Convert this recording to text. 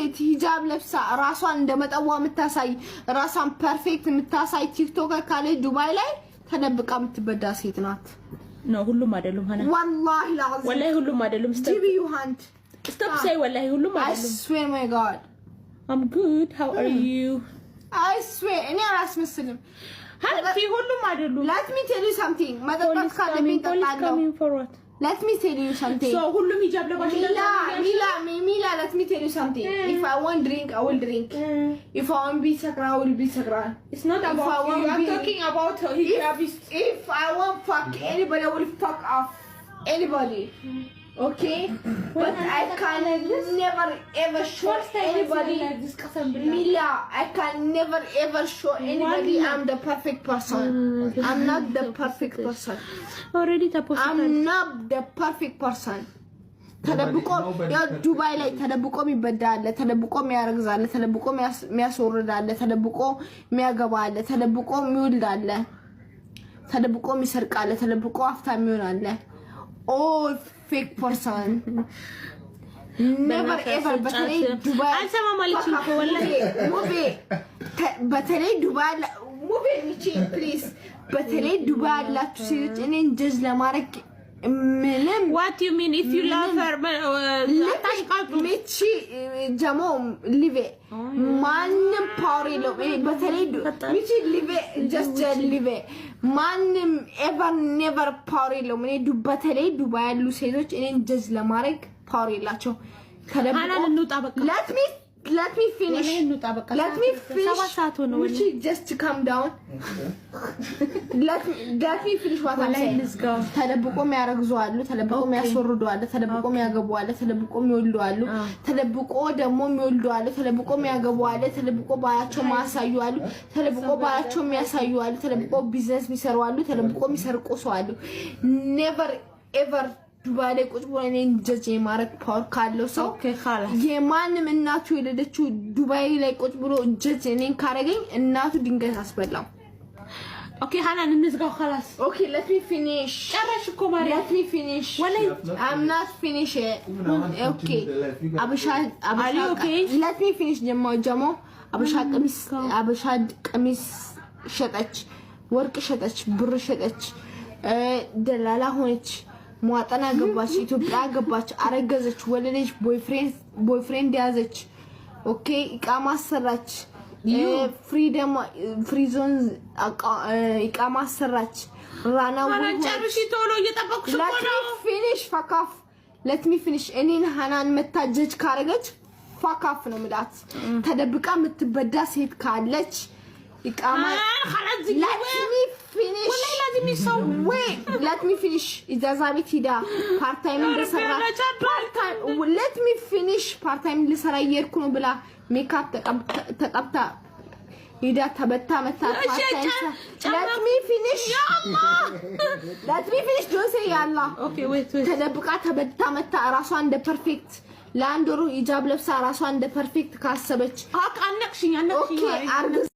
ሴት ሂጃብ ለብሳ ራሷን እንደመጠዋ የምታሳይ ራሷን ፐርፌክት የምታሳይ ቲክቶከር ካለ ዱባይ ላይ ተደብቃ የምትበዳ ሴት ናት። ነው ሁሉም አይደሉም። ሀና ወላሂ ላዚ ወላሂ ሁሉም አይደሉም። ስቲቪ ዩ ሃንድ ስቶፕ ሳይ ወላሂ ሁሉም አይደሉም። አይ ስዌር ማይ ጋድ አም ጉድ ሃው አር ዩ አይ ስዌር እኔ አላስመስልም። ሁሉም አይደሉም። ሚ ቴል ዩ ሳምቲንግ መጠጣት ካለብኝ እጠጣለሁ። let me tell you something so ሁሉም ሂጃብ ለባሽ Mila, ሚላ Mila. let me tell you something mm. if i want drink i will drink mm. if i want be sakra i will be sakra it's not if about I want you i'm talking about her. if, if i want fuck anybody i will fuck off anybody mm. Okay, but I can never ever show anybody. Mila, I can never ever show anybody I'm the perfect person. I'm not the perfect person. Already I'm not the perfect person. ተደብቆ ያው ዱባይ ላይ ተደብቆ የሚበዳ አለ፣ ተደብቆ የሚያረግዝ አለ፣ ተደብቆ የሚያስወርድ አለ፣ ተደብቆ የሚያገባ አለ፣ ተደብቆ የሚወልድ አለ፣ ተደብቆ የሚሰርቅ አለ፣ ተደብቆ አፍታ የሚሆን አለ። all oh, fake person never ኤቨር በተለይ ዱባይ አልሰማም አለችኝ እኮ ወላሂ ሙቤ በተለይ ዱባይ ሙቤ ፕሊዝ በተለይ ዱባይ ያላችሁ ሴቶች እኔን ጀዝ ለማድረግ ምንም ዋት ዩ ሚን ኢፍ ዩ ላቭ ጀሞ ሊቬ ማንም ፓወር የለውም። በተለይ ሚቺ ሊቬ ጀስት ሊቬ ማንም ኤቨር ኔቨር ፓወር የለውም። እኔ በተለይ ዱባይ ያሉ ሴቶች እኔን ጀዝ ለማድረግ ፓወር የላቸው። ተደብቆ ለት ሚ ተደብቆ የሚያረግዙ አሉ። ተደብቆ የሚያስወርዱ አለ። ተደብቆ የሚያገቡ አለ። ተደብቆ የሚወልዱ አሉ። ተደብቆ ደግሞ የሚወልዱ አለ። ተደብቆ የሚያገቡ አለ። ተደብቆ ባላቸው ማሳዩ አሉ። ተደብቆ ባላቸው የሚያሳዩ አሉ። ተደብቆ ቢዝነስ የሚሰሩ አሉ። ተደብቆ የሚሰርቁ ሰው አሉ። ኔቨር ኤቨር ዱባይ ላይ ቁጭ ብሎ እኔን ጀጅ የማድረግ ፓወር ካለው ሰው የማንም እናቱ የሌለችው ዱባይ ላይ ቁጭ ብሎ ጀጅ እኔን ካረገኝ እናቱ ድንገት አስበላው። ኦኬ ሃናን እንዝጋው። ኸላስ ኦኬ ለት ሚ ፊኒሽ ጨረሽ እኮ ማርያም፣ ለት ሚ ፊኒሽ ወላይ አም ናት ፊኒሽ ኦኬ አብሻ አብሻ ሌት ሚ ፊኒሽ ጀሞ ጀሞ አብሻ ቀሚስ አብሻ ቀሚስ ሸጠች፣ ወርቅ ሸጠች፣ ብር ሸጠች፣ ደላላ ሆነች። ሟጠና ገባች፣ ኢትዮጵያ ገባች፣ አረገዘች፣ ወለደች፣ ቦይፍሬንድ ያዘች፣ ኦኬ ኢቃማ አሰራች፣ ፍሪዞን ኢቃማ አሰራች። ራና ቶሎ ፊኒሽ ፋካፍ ለትሚ ፊኒሽ እኔን ሀናን መታጀች ካረገች ፋካፍ ነው ምላት። ተደብቃ የምትበዳ ሴት ካለች ኢቃማ ለትሚ ፊኒሽ ለት ሚ ፊኒሽ እዛ ቤት ሂዳ ፓርታይም ለት ሚ ፊኒሽ ፓርታይም ልሰራ እየሄድኩ ነው ብላ ሜካፕ ተቀብታ ሂዳ ተበታ መታ ፊኒሽ ጆሴ ያላ ተደብቃ ተበታ መታ እራሷ እንደ ፐርፌክት ለአንድ ወሩ ኢጃብ ለብሳ እራሷ እንደ ፐርፌክት ካሰበች